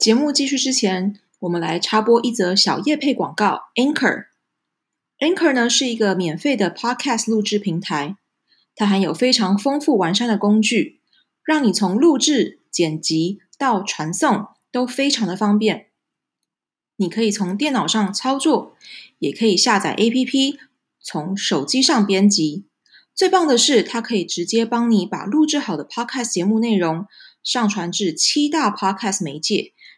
節目繼續之前，我們來插播一則小業配廣告。Anchor Anchor 呢是一個免費的 Podcast 錄製平台，它含有非常豐富完善的工具，讓你從錄製、剪輯到傳送都非常的方便。你可以從電腦上操作，也可以下載 APP 從手機上編輯。最棒的是，它可以直接幫你把錄製好的 Podcast 節目內容上傳至七大 Podcast 媒介。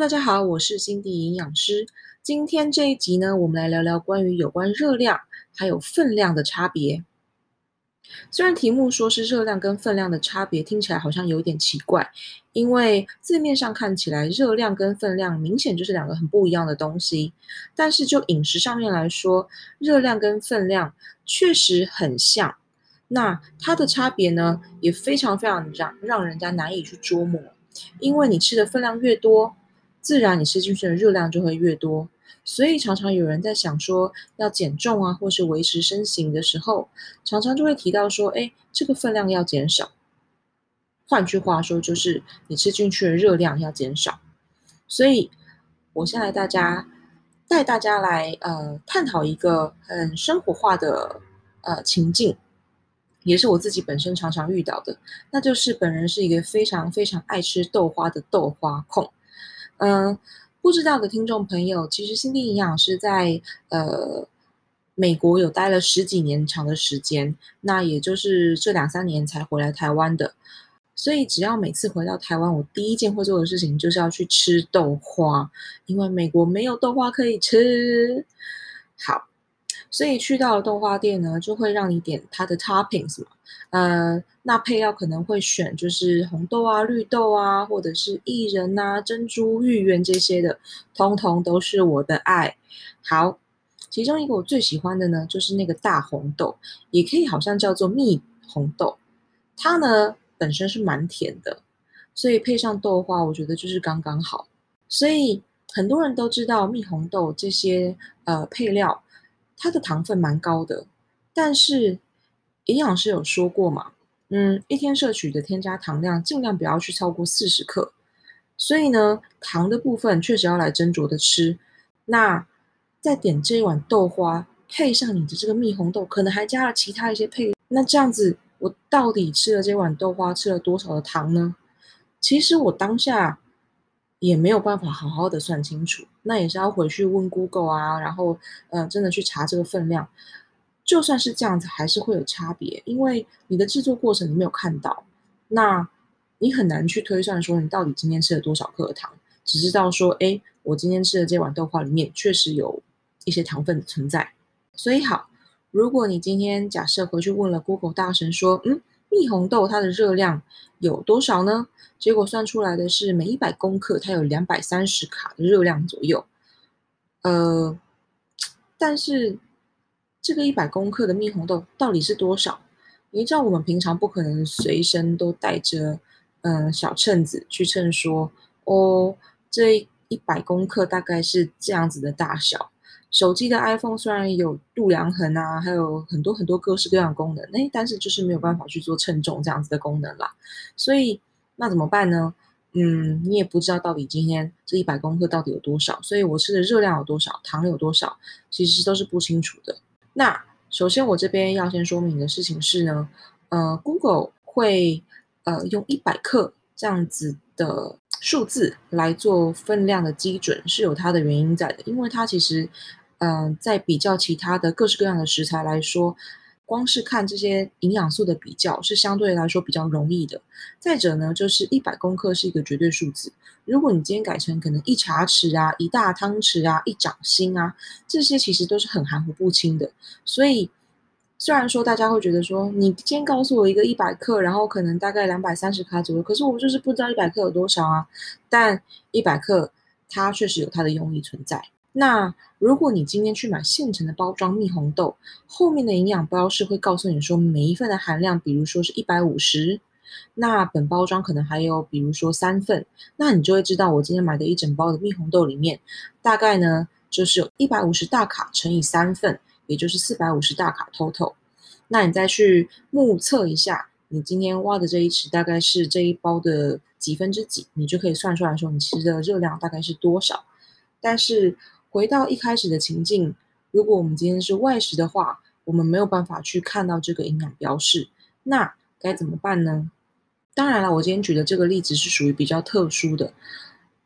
大家好，我是 Cindy 營養師。今天這一集呢，我們來聊聊關於有關熱量還有分量的差別。雖然題目說是熱量跟分量的差別，聽起來好像有點奇怪，因為字面上看起來熱量跟分量明顯就是兩個很不一樣的東西。但是就飲食上面來說，熱量跟分量確實很像。那它的差別呢，也非常非常讓讓人家難以去捉摸，因為你吃的分量越多，自然，你吃進去的熱量就會越多，所以常常有人在想說要減重啊，或是維持身形的時候，常常就會提到說，哎，這個分量要減少。換句話說，就是你吃進去的熱量要減少。所以，我先來大家帶大家來呃探討一個很生活化的呃情境，也是我自己本身常常遇到的，那就是本人是一個非常非常愛吃豆花的豆花控。嗯，不知道的聽眾朋友，其實心理營養師在呃美國有待了十幾年長的時間，那也就是這兩三年才回來台灣的。所以只要每次回到台灣，我第一件會做的事情就是要去吃豆花，因為美國沒有豆花可以吃。好，所以去到了豆花店呢，就會讓你點它的 toppings 嘛，嗯那配料可能會選就是紅豆啊、綠豆啊，或者是薏仁吶、珍珠、芋圓這些的，通通都是我的愛好。其中一個我最喜歡的呢，就是那個大紅豆，也可以好像叫做蜜紅豆。它呢本身是蠻甜的，所以配上豆花，我覺得就是剛剛好。所以很多人都知道蜜紅豆這些呃配料，它的糖分蠻高的，但是營養師有說過嘛。嗯，一天攝取的添加糖量儘量不要去超過四十克。所以呢，糖的部分確實要來斟酌的吃。那再點這一碗豆花，配上你的這個蜜紅豆，可能還加了其他一些配。那這樣子，我到底吃了這碗豆花吃了多少的糖呢？其實我當下也沒有辦法好好的算清楚，那也是要回去問 Google 啊，然後，呃，真的去查這個份量。就算是這樣子，還是會有差別，因為你的制作過程你沒有看到，那你很難去推算說你到底今天吃了多少克的糖，只知道說，哎、欸，我今天吃的這碗豆花裡面確實有一些糖分的存在。所以好，如果你今天假設回去問了 Google 大神說，嗯，蜜紅豆它的熱量有多少呢？結果算出來的是每一百公克它有兩百三十卡的熱量左右。呃，但是。這個一百公克的蜜紅豆到底是多少？你知道我們平常不可能隨身都帶着，嗯，小秤子去稱說，哦，這一百公克大概是這樣子的大小。手機的 iPhone 雖然有度量衡啊，還有很多很多各式各樣的功能，哎，但是就是沒有辦法去做稱重這樣子的功能啦。所以那怎麼辦呢？嗯，你也不知道到底今天這一百公克到底有多少，所以我吃的熱量有多少，糖有多少，其實都是不清楚的。那首先，我這邊要先說明的事情是呢，呃，Google 會呃用一百克這樣子的數字來做分量的基準，是有它的原因在的，因為它其實，嗯、呃，在比較其他的各式各樣的食材來說。光是看這些營養素的比較是相對來說比較容易的。再者呢，就是一百公克是一個絕對數字。如果你今天改成可能一茶匙啊、一大湯匙啊、一掌心啊，這些其實都是很含糊不清的。所以，雖然說大家會覺得說，你今天告訴我一個一百克，然後可能大概兩百三十卡左右，可是我就是不知道一百克有多少啊。但一百克它確實有它的用意存在。那如果你今天去買現成的包裝蜜紅豆，後面的營養標示會告訴你說，每一份的含量，比如說是一百五十，那本包裝可能還有比如說三份，那你就會知道我今天買的一整包的蜜紅豆裡面，大概呢就是有一百五十大卡乘以三份，也就是四百五十大卡 total。那你再去目測一下，你今天挖的這一匙，大概是這一包的幾分之幾，你就可以算出來說你吃的熱量大概是多少，但是。回到一開始的情境，如果我們今天是外食的話，我們沒有辦法去看到這個營養標示，那該怎麼辦呢？當然了，我今天舉的這個例子是屬於比較特殊的。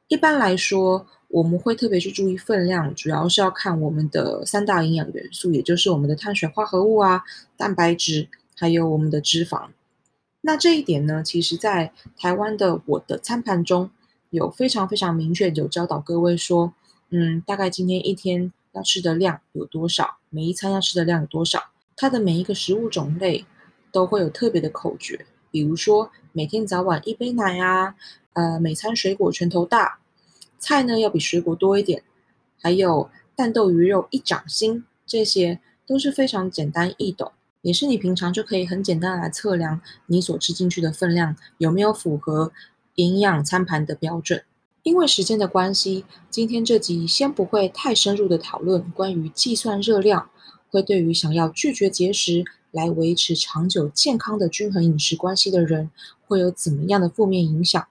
一般來說，我們會特別去注意分量，主要是要看我們的三大營養元素，也就是我們的碳水化合物啊、蛋白質，還有我們的脂肪。那這一點呢，其實在台灣的我的餐盤中有非常非常明確的教導各位說。嗯，大概今天一天要吃的量有多少？每一餐要吃的量有多少？它的每一個食物種類都會有特別的口訣，比如說每天早晚一杯奶啊，呃，每餐水果拳頭大，菜呢要比水果多一點，還有蛋豆魚肉一掌心，這些都是非常簡單易懂，也是你平常就可以很簡單地來測量你所吃進去的分量有沒有符合營養餐盤的標準。因為時間的關係，今天這集先不會太深入的討論關於計算熱量，會對於想要拒絕節食來維持長久健康的均衡飲食關係的人，會有怎麼樣的負面影響？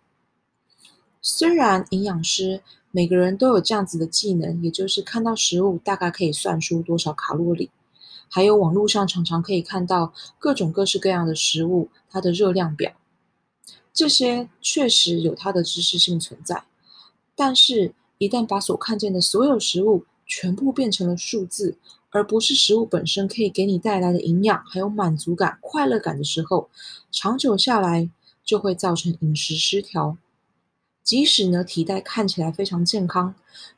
雖然營養師每個人都有這樣子的技能，也就是看到食物大概可以算出多少卡路里，還有網絡上常常可以看到各種各式各樣的食物，它的熱量表，這些確實有它的知識性存在。但是，一旦把所看見的所有食物全部變成了數字，而不是食物本身可以給你帶來的營養、還有滿足感、快樂感的時候，長久下來就會造成飲食失調。即使呢，體態看起來非常健康，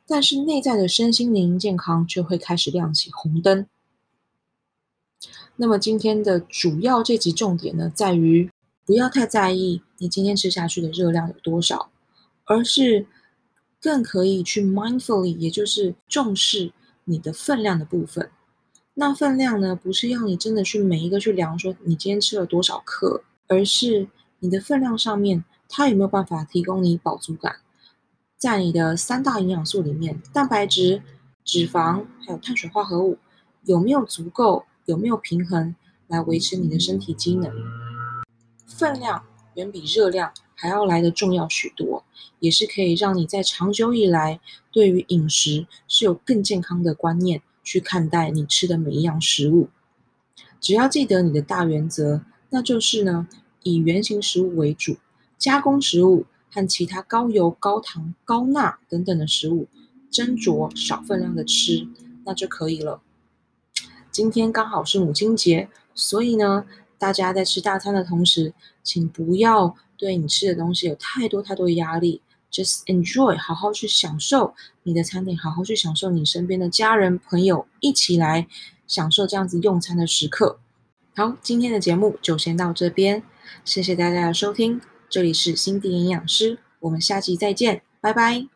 但是內在的身心靈健康卻會開始亮起紅燈。那麼，今天的主要這集重點呢，在於不要太在意你今天吃下去的熱量有多少，而是，更可以去 mindfully，也就是重視你的分量的部分。那分量呢，不是要你真的去每一個去量說你今天吃了多少克，而是你的分量上面它有沒有辦法提供你飽足感？在你的三大營養素裡面，蛋白質、脂肪還有碳水化合物有沒有足夠，有沒有平衡來維持你的身體機能？分量遠比熱量還要來得重要許多，也是可以讓你在長久以來對於飲食是有更健康的觀念去看待你吃的每一樣食物。只要記得你的大原則，那就是呢，以原型食物為主，加工食物和其他高油、高糖、高鈉等等的食物，斟酌少份量的吃，那就可以了。今天剛好是母親節，所以呢，大家在吃大餐的同時，請不要。對你吃的東西有太多太多壓力，just enjoy，好好去享受你的餐點，好好去享受你身邊的家人朋友，一起來享受這樣子用餐的時刻。好，今天的節目就先到這邊，謝謝大家的收聽，這裡是辛蒂營養師，我們下期再見，拜拜。